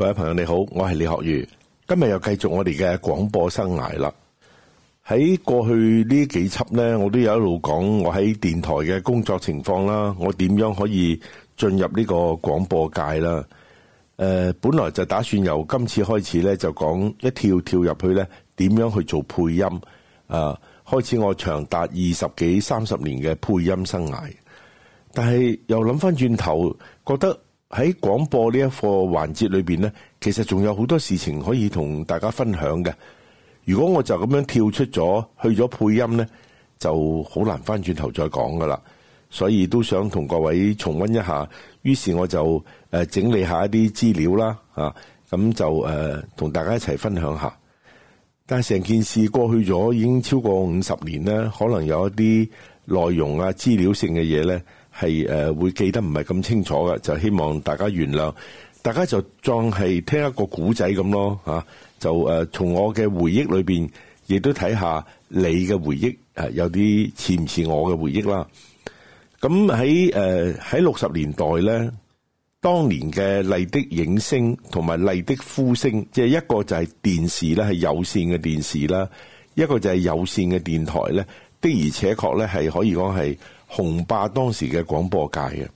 各位朋友你好，我係李學儒，今日又繼續我哋嘅廣播生涯啦。喺過去呢幾輯呢，我都有一路講我喺電台嘅工作情況啦，我點樣可以進入呢個廣播界啦，誒、呃，本來就打算由今次開始呢，就講一跳跳入去呢，點樣去做配音啊，呃，開始我長達二十幾三十年嘅配音生涯，但係又諗翻轉頭，覺得。喺廣播呢一個環節裏邊呢，其實仲有好多事情可以同大家分享嘅。如果我就咁樣跳出咗，去咗配音呢，就好難翻轉頭再講噶啦。所以都想同各位重溫一下。於是我就誒整理下一啲資料啦，啊，咁就誒同、呃、大家一齊分享下。但係成件事過去咗已經超過五十年咧，可能有一啲內容啊、資料性嘅嘢呢，係，誒，會記得唔係咁清楚嘅，就希望大家原諒。大家就當係聽一個古仔咁咯，吓就誒，從我嘅回憶裏邊，亦都睇下你嘅回憶誒，有啲似唔似我嘅回憶啦？咁喺誒喺六十年代咧，當年嘅麗的影聲同埋麗的呼聲，即係一個就係電視咧，係有綫嘅電視啦，一個就係有綫嘅電、電台咧，的而且確咧，係可以講係。紅霸當時嘅廣播界嘅，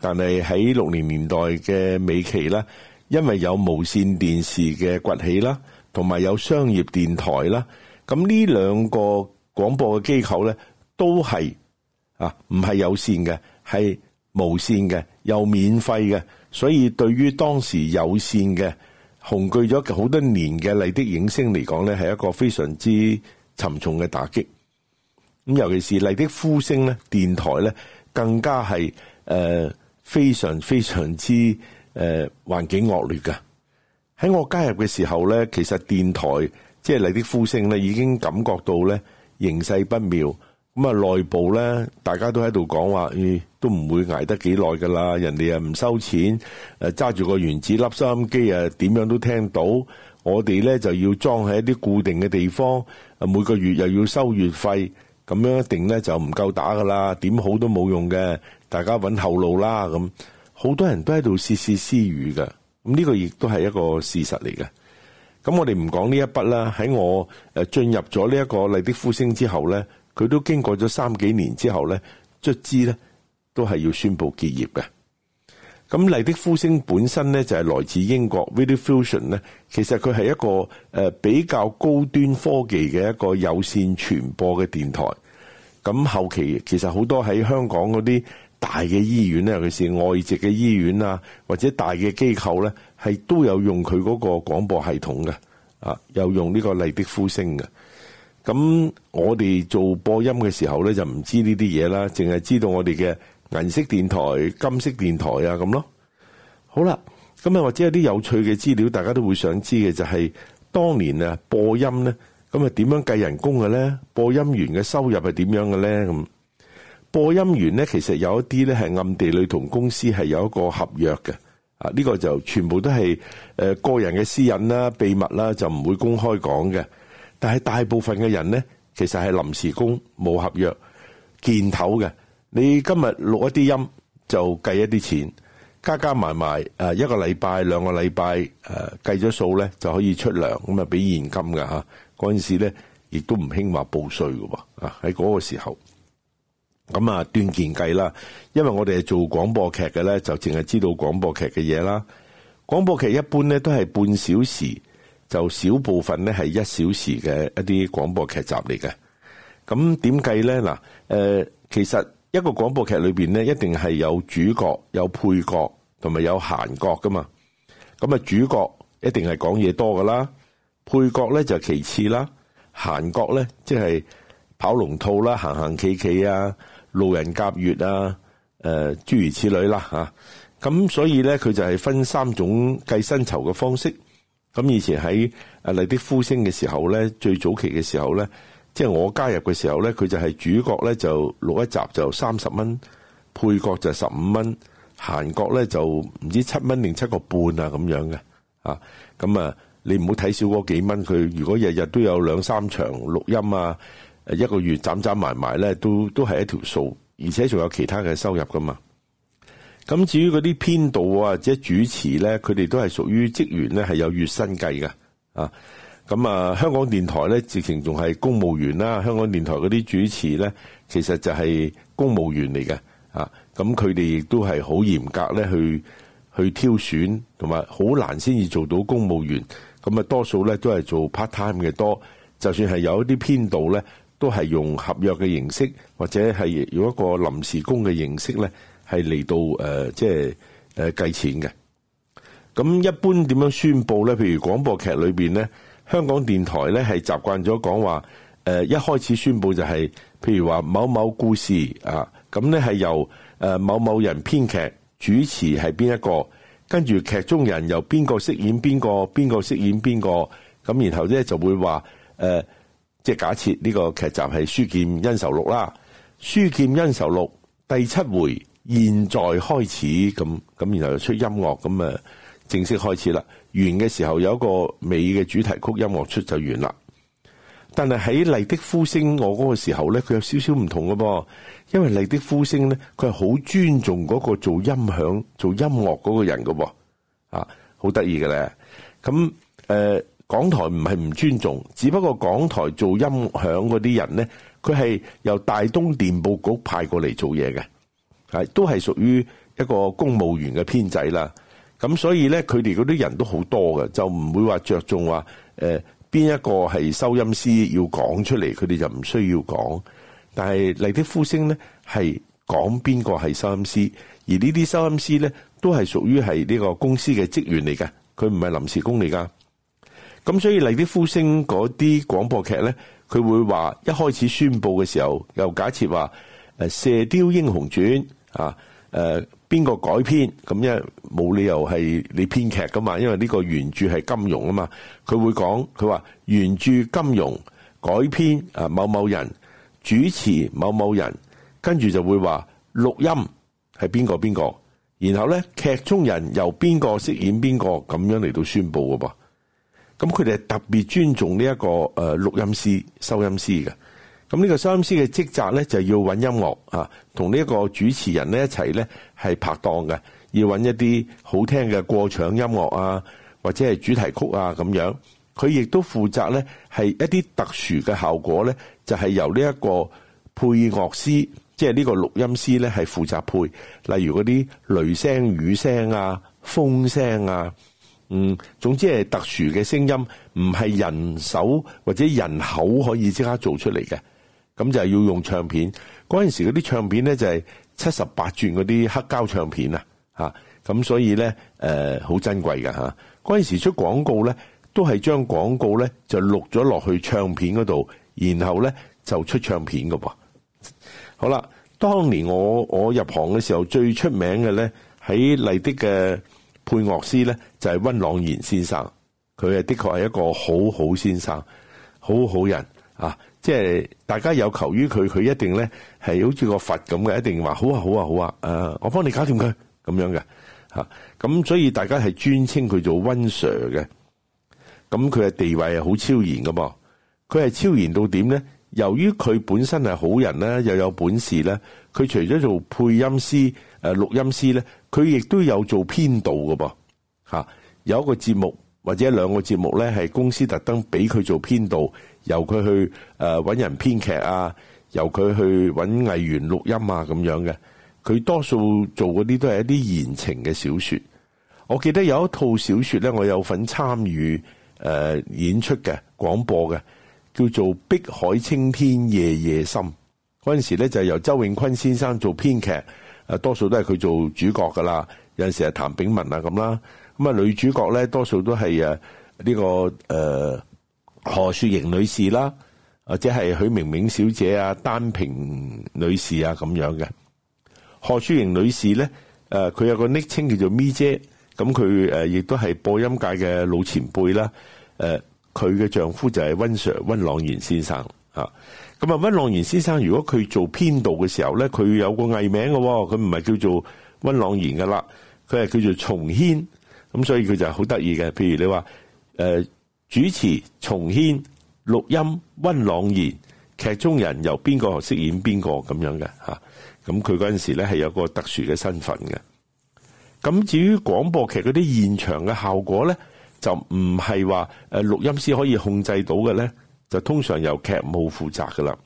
但係喺六零年代嘅美期咧，因為有無線電視嘅崛起啦，同埋有商業電台啦，咁呢兩個廣播嘅機構咧，都係啊唔係有線嘅，係無線嘅，又免費嘅，所以對於當時有線嘅紅巨咗好多年嘅麗的影星嚟講咧，係一個非常之沉重嘅打擊。咁尤其是麗的呼聲咧，電台咧更加係誒，非常非常之誒，呃、環境惡劣噶。喺我加入嘅時候咧，其實電台即係麗的呼聲咧，已經感覺到咧形勢不妙。咁啊，內部咧大家都喺度講話，誒都唔會捱得幾耐噶啦。人哋啊唔收錢誒，揸住個原子粒收音機啊，點樣都聽到。我哋咧就要裝喺一啲固定嘅地方，每個月又要收月費。咁樣一定咧就唔夠打噶啦，點好都冇用嘅，大家揾後路啦咁，好多人都喺度竊竊私語嘅。咁呢個亦都係一個事實嚟嘅。咁我哋唔講呢一筆啦，喺我誒進入咗呢一個麗的呼聲之後咧，佢都經過咗三幾年之後咧，卒之咧都係要宣布結業嘅。咁麗的呼聲本身咧就係、是、來自英國 Video Fusion 咧，其實佢係一個誒、呃、比較高端科技嘅一個有綫傳播嘅電台。咁後期其實好多喺香港嗰啲大嘅醫院咧，尤其是外籍嘅醫院啊，或者大嘅機構咧，係都有用佢嗰個廣播系統嘅，啊，有用呢個麗的呼聲嘅。咁我哋做播音嘅時候咧，就唔知呢啲嘢啦，淨係知道我哋嘅。銀色電台、金色電台啊，咁咯，好啦，咁啊或者有啲有趣嘅資料，大家都會想知嘅就係當年啊播音咧，咁啊點樣計人工嘅咧？播音員嘅收入係點樣嘅咧？咁播音員咧，其實有一啲咧係暗地裏同公司係有一個合約嘅，啊呢個就全部都係誒個人嘅私隱啦、秘密啦，就唔會公開講嘅。但係大部分嘅人咧，其實係臨時工，冇合約、見頭嘅。你今日錄一啲音就計一啲錢，加加埋埋誒，一個禮拜兩個禮拜誒，計咗數咧就可以出糧咁啊，俾現金噶吓。嗰陣時咧亦都唔興話報稅噶喎啊！喺嗰個時候咁啊，斷件計啦，因為我哋係做廣播劇嘅咧，就淨係知道廣播劇嘅嘢啦。廣播劇一般咧都係半小時，就少部分咧係一小時嘅一啲廣播劇集嚟嘅。咁點計咧嗱？誒，其實。一個廣播劇裏邊咧，一定係有主角、有配角同埋有閒角噶嘛。咁啊，主角一定係講嘢多噶啦，配角咧就其次啦，閒角咧即係跑龍套啦，行行企企啊，路人甲乙啊，誒諸如此類啦吓。咁所以咧，佢就係分三種計薪酬嘅方式。咁以前喺啊麗的呼聲嘅時候咧，最早期嘅時候咧。即係我加入嘅時候咧，佢就係主角咧就錄一集就三十蚊，配角就十五蚊，閒角咧就唔知七蚊定七個半啊咁樣嘅。啊，咁啊，你唔好睇少嗰幾蚊，佢如果日日都有兩三場錄音啊，誒，一個月斬斬埋埋咧，都都係一條數，而且仲有其他嘅收入噶嘛。咁至於嗰啲編導啊，即係主持咧，佢哋都係屬於職員咧，係有月薪計嘅，啊。咁啊，香港電台咧，直情仲係公務員啦。香港電台嗰啲主持咧，其實就係公務員嚟嘅啊。咁佢哋亦都係好嚴格咧，去去挑選，同埋好難先至做到公務員。咁啊，多數咧都係做 part time 嘅多。就算係有一啲編導咧，都係用合約嘅形式，或者係用一個臨時工嘅形式咧，係嚟到誒、呃，即係誒、呃、計錢嘅。咁一般點樣宣佈咧？譬如廣播劇裏邊咧？香港電台咧係習慣咗講話，誒一開始宣布，就係，譬如話某某故事啊，咁咧係由誒某某人編劇，主持係邊一個，跟住劇中人由邊個飾演邊個，邊個飾演邊個，咁然後咧就會話，誒即係假設呢個劇集係《書劍恩仇錄》啦，《書劍恩仇錄》第七回現在開始，咁咁然後出音樂咁啊。正式開始啦，完嘅時候有一個美嘅主題曲音樂出就完啦。但係喺《麗的呼聲》，我嗰個時候咧，佢有少少唔同嘅噃，因為《麗的呼聲》咧，佢係好尊重嗰個做音響、做音樂嗰個人嘅噃，啊，好得意嘅咧。咁、啊、誒，港台唔係唔尊重，只不過港台做音響嗰啲人咧，佢係由大東電報局派過嚟做嘢嘅，係、啊、都係屬於一個公務員嘅編制啦。咁所以咧，佢哋嗰啲人都好多嘅，就唔會話着重話誒邊一個係收音師要講出嚟，佢哋就唔需要講。但係麗的呼聲咧，係講邊個係收音師，而呢啲收音師咧都係屬於係呢個公司嘅職員嚟㗎，佢唔係臨時工嚟㗎。咁所以麗的呼聲嗰啲廣播劇咧，佢會話一開始宣布嘅時候，又假設話誒《射鵰英雄傳》啊。誒，邊個改編，咁因為冇理由係你編劇噶嘛？因為呢個原著係金庸啊嘛，佢會講佢話原著金庸改編，啊某某人主持某某人，跟住就會話錄音係邊個邊個，然後咧劇中人由邊個飾演邊個咁樣嚟到宣布噶噃，咁佢哋特別尊重呢一個誒錄音師收音師嘅。咁呢個收音師嘅職責咧，就要揾音樂啊，同呢一個主持人咧一齊咧係拍檔嘅，要揾一啲好聽嘅過場音樂啊，或者係主題曲啊咁樣。佢亦都負責咧係一啲特殊嘅效果咧，就係、是、由呢一個配樂師，即係呢個錄音師咧係負責配，例如嗰啲雷聲、雨聲啊、風聲啊，嗯，總之係特殊嘅聲音，唔係人手或者人口可以即刻做出嚟嘅。咁就係要用唱片嗰陣時，嗰啲唱片咧就係七十八轉嗰啲黑膠唱片啊，吓，咁所以咧誒好珍貴噶吓。嗰陣時出廣告咧，都係將廣告咧就錄咗落去唱片嗰度，然後咧就出唱片噶噃。好啦，當年我我入行嘅時候最出名嘅咧，喺麗的嘅配樂師咧就係溫朗賢先生，佢係的確係一個好好先生，好好人啊。即係大家有求於佢，佢一定咧係好似個佛咁嘅，一定話好啊好啊好啊，誒、啊、我幫你搞掂佢咁樣嘅吓，咁、啊、所以大家係專稱佢做溫 Sir 嘅，咁佢嘅地位係好超然噶噃，佢係超然到點咧？由於佢本身係好人咧，又有本事咧，佢除咗做配音師、誒、啊、錄音師咧，佢亦都有做編導噶噃吓，有一個節目或者兩個節目咧，係公司特登俾佢做編導。由佢去誒揾人編劇啊，由佢去揾藝員錄音啊，咁樣嘅。佢多數做嗰啲都係一啲言情嘅小說。我記得有一套小說咧，我有份參與誒演出嘅廣播嘅，叫做《碧海青天夜夜心》。嗰陣時咧就係由周永坤先生做編劇，多數都係佢做主角噶啦。有陣時係譚炳文啊咁啦，咁啊女主角咧多數都係誒呢個何雪瑩女士啦，或者係許明明小姐啊、丹平女士啊咁樣嘅。何雪瑩女士咧，誒，佢有個昵稱叫做咪姐，咁佢誒亦都係播音界嘅老前輩啦。誒，佢嘅丈夫就係温 sir 溫朗賢先生啊。咁啊，溫朗賢先生如果佢做編導嘅時候咧，佢有個藝名嘅，佢唔係叫做溫朗賢噶啦，佢係叫做重軒。咁所以佢就好得意嘅，譬如你話誒。主持、重軒、錄音、溫朗言，劇中人由邊個飾演邊個咁樣嘅吓，咁佢嗰陣時咧係有個特殊嘅身份嘅。咁至於廣播劇嗰啲現場嘅效果咧，就唔係話誒錄音師可以控制到嘅咧，就通常由劇務負責噶啦。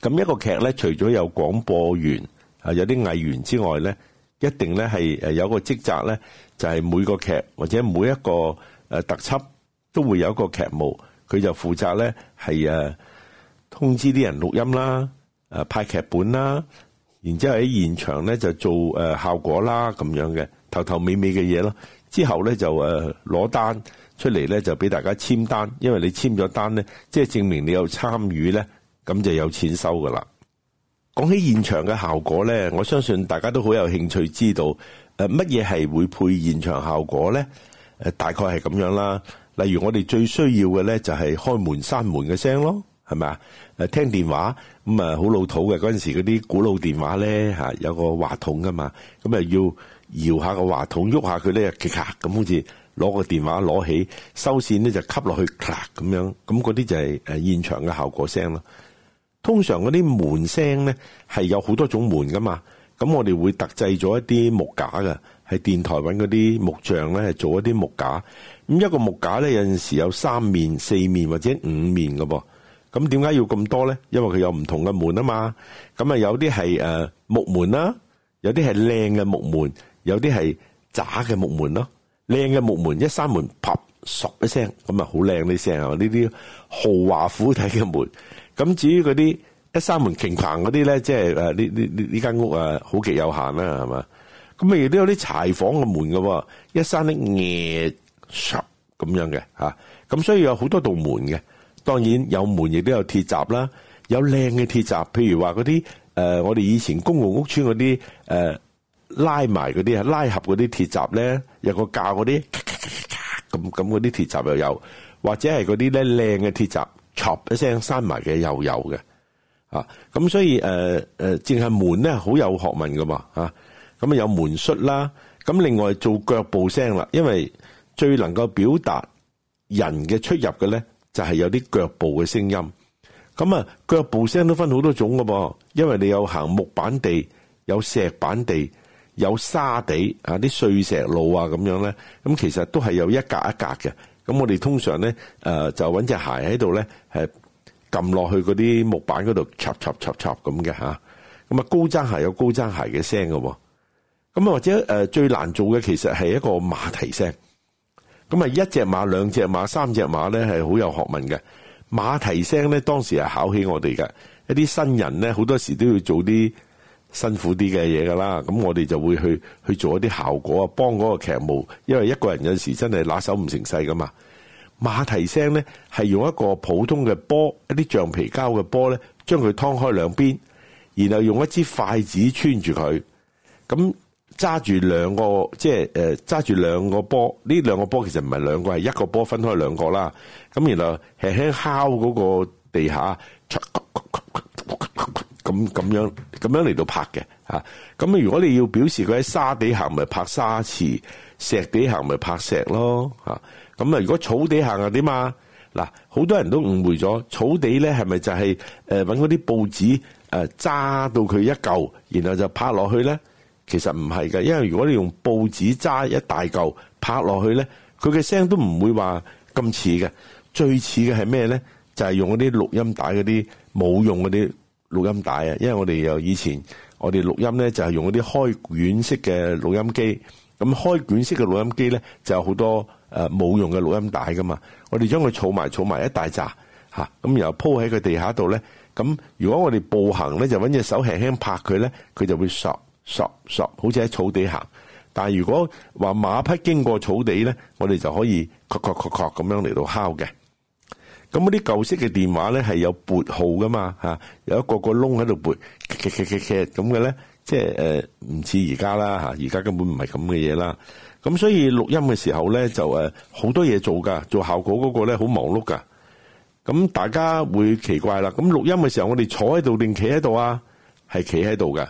咁一個劇咧，除咗有廣播員啊，有啲藝員之外咧，一定咧係誒有個職責咧，就係每個劇或者每一個誒特輯，都會有一個劇務，佢就負責咧係誒通知啲人錄音啦，誒派劇本啦，然之後喺現場咧就做誒效果啦，咁樣嘅頭頭尾尾嘅嘢咯。之後咧就誒攞單出嚟咧就俾大家簽單，因為你簽咗單咧，即係證明你有參與咧，咁就有錢收噶啦。講起現場嘅效果咧，我相信大家都好有興趣知道誒乜嘢係會配現場效果咧？誒，大概係咁樣啦。例如我哋最需要嘅咧，就係開門閂門嘅聲咯，係咪啊？誒，聽電話咁啊，好老土嘅，嗰陣時，嗰啲古老電話咧吓，有個話筒噶嘛，咁啊要搖下個話筒，喐下佢咧，咔咔咁好似攞個電話攞起收線咧就吸落去，咔咁樣咁嗰啲就係誒現場嘅效果聲咯。通常嗰啲門聲咧係有好多種門噶嘛，咁我哋會特製咗一啲木架㗎。係電台搵嗰啲木匠咧，係做一啲木架。咁一個木架咧，有陣時有三面、四面或者五面噶噃。咁點解要咁多咧？因為佢有唔同嘅門啊嘛。咁啊，有啲係誒木門啦，有啲係靚嘅木門，有啲係渣嘅木門咯。靚嘅木門一閂門，啪索一聲，咁啊好靚啲聲啊！呢啲豪華府邸嘅門。咁至於嗰啲一閂門擎棚嗰啲咧，即係誒呢呢呢呢間屋啊，好極有限啦，係嘛。咁咪亦都有啲柴房嘅門嘅，一閂啲葉咁樣嘅吓，咁所以有好多道門嘅。當然有門亦都有鐵閘啦，有靚嘅鐵閘，譬如話嗰啲誒，我哋以前公共屋邨嗰啲誒拉埋嗰啲啊拉合嗰啲鐵閘咧，有個架嗰啲咁咁嗰啲鐵閘又有，或者係嗰啲咧靚嘅鐵閘 collapse 一聲閂埋嘅又有嘅。咁所以誒誒，淨、呃、係門咧好有學問噶嘛吓。咁啊，有門閂啦。咁另外做腳步聲啦，因為最能夠表達人嘅出入嘅咧，就係有啲腳步嘅聲音。咁啊，腳步聲都分好多種㗎喎，因為你有行木板地，有石板地，有沙地啊，啲碎石路啊咁樣咧。咁其實都係有一格一格嘅。咁我哋通常咧，誒就揾隻鞋喺度咧，係撳落去嗰啲木板嗰度，插插插插咁嘅嚇。咁啊，高踭鞋有高踭鞋嘅聲㗎喎。咁啊，或者誒，最難做嘅其實係一個馬蹄聲。咁啊，一隻馬、兩隻馬、三隻馬咧，係好有學問嘅。馬蹄聲咧，當時係考起我哋嘅一啲新人咧，好多時都要做啲辛苦啲嘅嘢噶啦。咁我哋就會去去做一啲效果啊，幫嗰個劇務，因為一個人有陣時真係拿手唔成勢噶嘛。馬蹄聲咧，係用一個普通嘅波，一啲橡皮膠嘅波咧，將佢劏開兩邊，然後用一支筷子穿住佢，咁。揸住兩個，即係誒揸住兩個波。呢兩個波其實唔係兩個，係一個波分開兩個啦。咁然後輕輕敲嗰個地下，咁咁樣咁樣嚟到拍嘅嚇。咁如果你要表示佢喺沙地行咪拍沙池，石地行咪拍石咯嚇。咁啊，如果草地行又點啊？嗱，好多人都誤會咗草地咧，係咪就係誒揾嗰啲報紙誒揸到佢一嚿，然後就拍落去咧？其實唔係嘅，因為如果你用報紙揸一大嚿拍落去咧，佢嘅聲都唔會話咁似嘅。最似嘅係咩咧？就係用嗰啲錄音帶，嗰啲冇用嗰啲錄音帶啊。因為我哋又以前我哋錄音咧就係用嗰啲開卷式嘅錄音機，咁開卷式嘅錄音機咧就有好多誒冇用嘅錄音帶噶嘛。我哋將佢儲埋儲埋一大紮嚇，咁然後鋪喺佢地下度咧。咁如果我哋步行咧，就揾隻手輕輕拍佢咧，佢就會索。索索好似喺草地行。但係如果話馬匹經過草地咧，我哋就可以確確確確咁樣嚟到敲嘅。咁嗰啲舊式嘅電話咧係有撥號噶嘛吓，有一個個窿喺度撥，咁嘅咧，即係誒唔似而家啦吓，而家根本唔係咁嘅嘢啦。咁所以錄音嘅時候咧就誒、是、好多嘢做噶，做效果嗰個咧好忙碌噶。咁大家會奇怪啦。咁錄音嘅時候我哋坐喺度定企喺度啊？係企喺度嘅。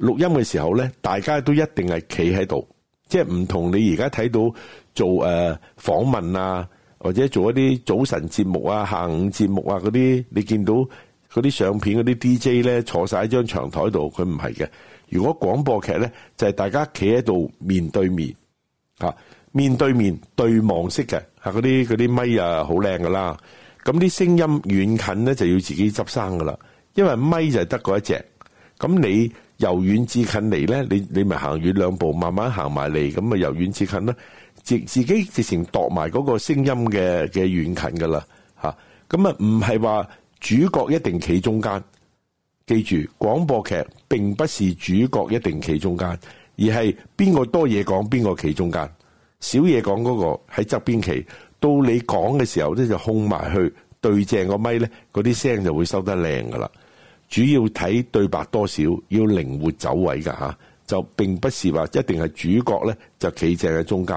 錄音嘅時候咧，大家都一定係企喺度，即係唔同你而家睇到做誒呃、訪問啊，或者做一啲早晨節目啊、下午節目啊嗰啲，你見到嗰啲相片嗰啲 DJ 咧坐晒喺張長台度，佢唔係嘅。如果廣播劇咧，就係、是、大家企喺度面對面吓，面對面對望式嘅吓，嗰啲啲咪啊好靚噶啦。咁啲聲音遠近咧就要自己執生噶啦，因為咪就得嗰一隻咁你，由遠至近嚟咧，你你咪行遠兩步，慢慢行埋嚟，咁啊由遠至近啦，自自己直情度埋嗰個聲音嘅嘅遠近噶啦，吓、啊，咁啊唔係話主角一定企中間，記住廣播劇並不是主角一定企中間，而係邊個多嘢講邊個企中間，少嘢講嗰個喺側邊企，到你講嘅時候咧就控埋去對正個咪咧，嗰啲聲就會收得靚噶啦。主要睇對白多少，要靈活走位噶嚇，就並不是話一定係主角咧就企正喺中間。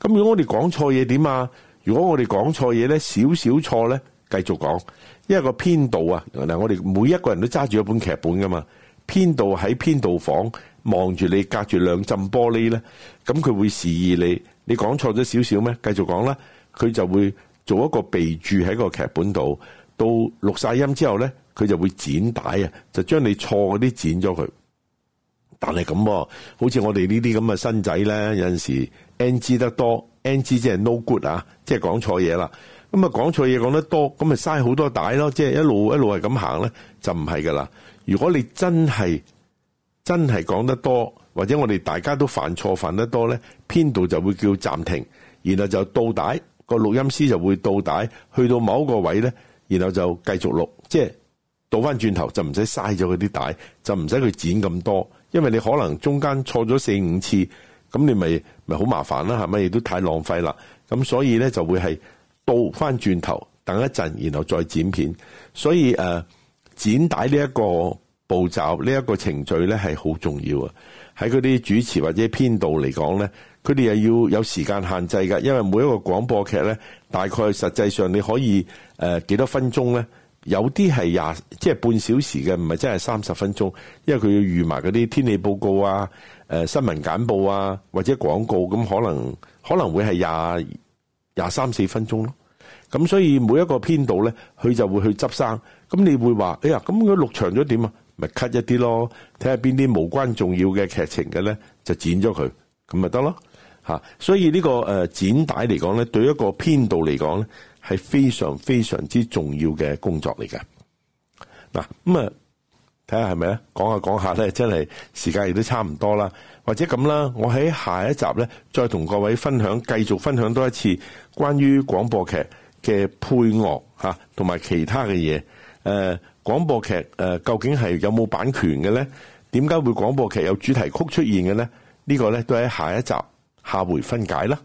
咁如果我哋講錯嘢點啊？如果我哋講錯嘢咧，少少錯咧，繼續講，因為個編導啊，嗱，我哋每一個人都揸住一本劇本噶嘛，編導喺編導房望住你，隔住兩陣玻璃咧，咁佢會示意你，你講錯咗少少咩？繼續講啦，佢就會做一個備注喺個劇本度，到錄晒音之後咧。佢就會剪帶啊，就將你錯嗰啲剪咗佢。但係咁啊，好似我哋呢啲咁嘅新仔咧，有陣時 NG 得多，NG 即係 no good 啊，即係講錯嘢啦。咁啊講錯嘢講得多，咁咪嘥好多帶咯。即係一路一路係咁行咧，就唔係噶啦。如果你真係真係講得多，或者我哋大家都犯錯犯得多咧，編導就會叫暫停，然後就倒帶，個錄音師就會倒帶，去到某一個位咧，然後就繼續錄，即係。倒翻轉頭就唔使嘥咗佢啲帶，就唔使佢剪咁多，因為你可能中間錯咗四五次，咁你咪咪好麻煩啦，係咪亦都太浪費啦？咁所以咧就會係倒翻轉頭等一陣，然後再剪片。所以誒剪帶呢一個步驟，呢一個程序咧係好重要啊！喺嗰啲主持或者編導嚟講咧，佢哋又要有時間限制噶，因為每一個廣播劇咧，大概實際上你可以誒幾多分鐘咧？有啲係廿即係半小時嘅，唔係真係三十分鐘，因為佢要預埋嗰啲天氣報告啊、誒、呃、新聞簡報啊或者廣告，咁可能可能會係廿廿三四分鐘咯。咁所以每一個編導咧，佢就會去執生。咁你會話，哎呀，咁佢錄長咗點啊？咪 cut 一啲咯，睇下邊啲無關重要嘅劇情嘅咧，就剪咗佢，咁咪得咯吓。所以、這個呃、帶呢個誒剪帶嚟講咧，對一個編導嚟講咧。係非常非常之重要嘅工作嚟嘅，嗱，咁啊睇下係咪啊，講下講下咧，真係時間亦都差唔多啦，或者咁啦，我喺下一集咧，再同各位分享，繼續分享多一次關於廣播劇嘅配樂吓，同埋其他嘅嘢，誒，廣播劇誒，究竟係有冇版權嘅咧？點解會廣播劇有主題曲出現嘅咧？呢個咧都喺下一集下回分解啦。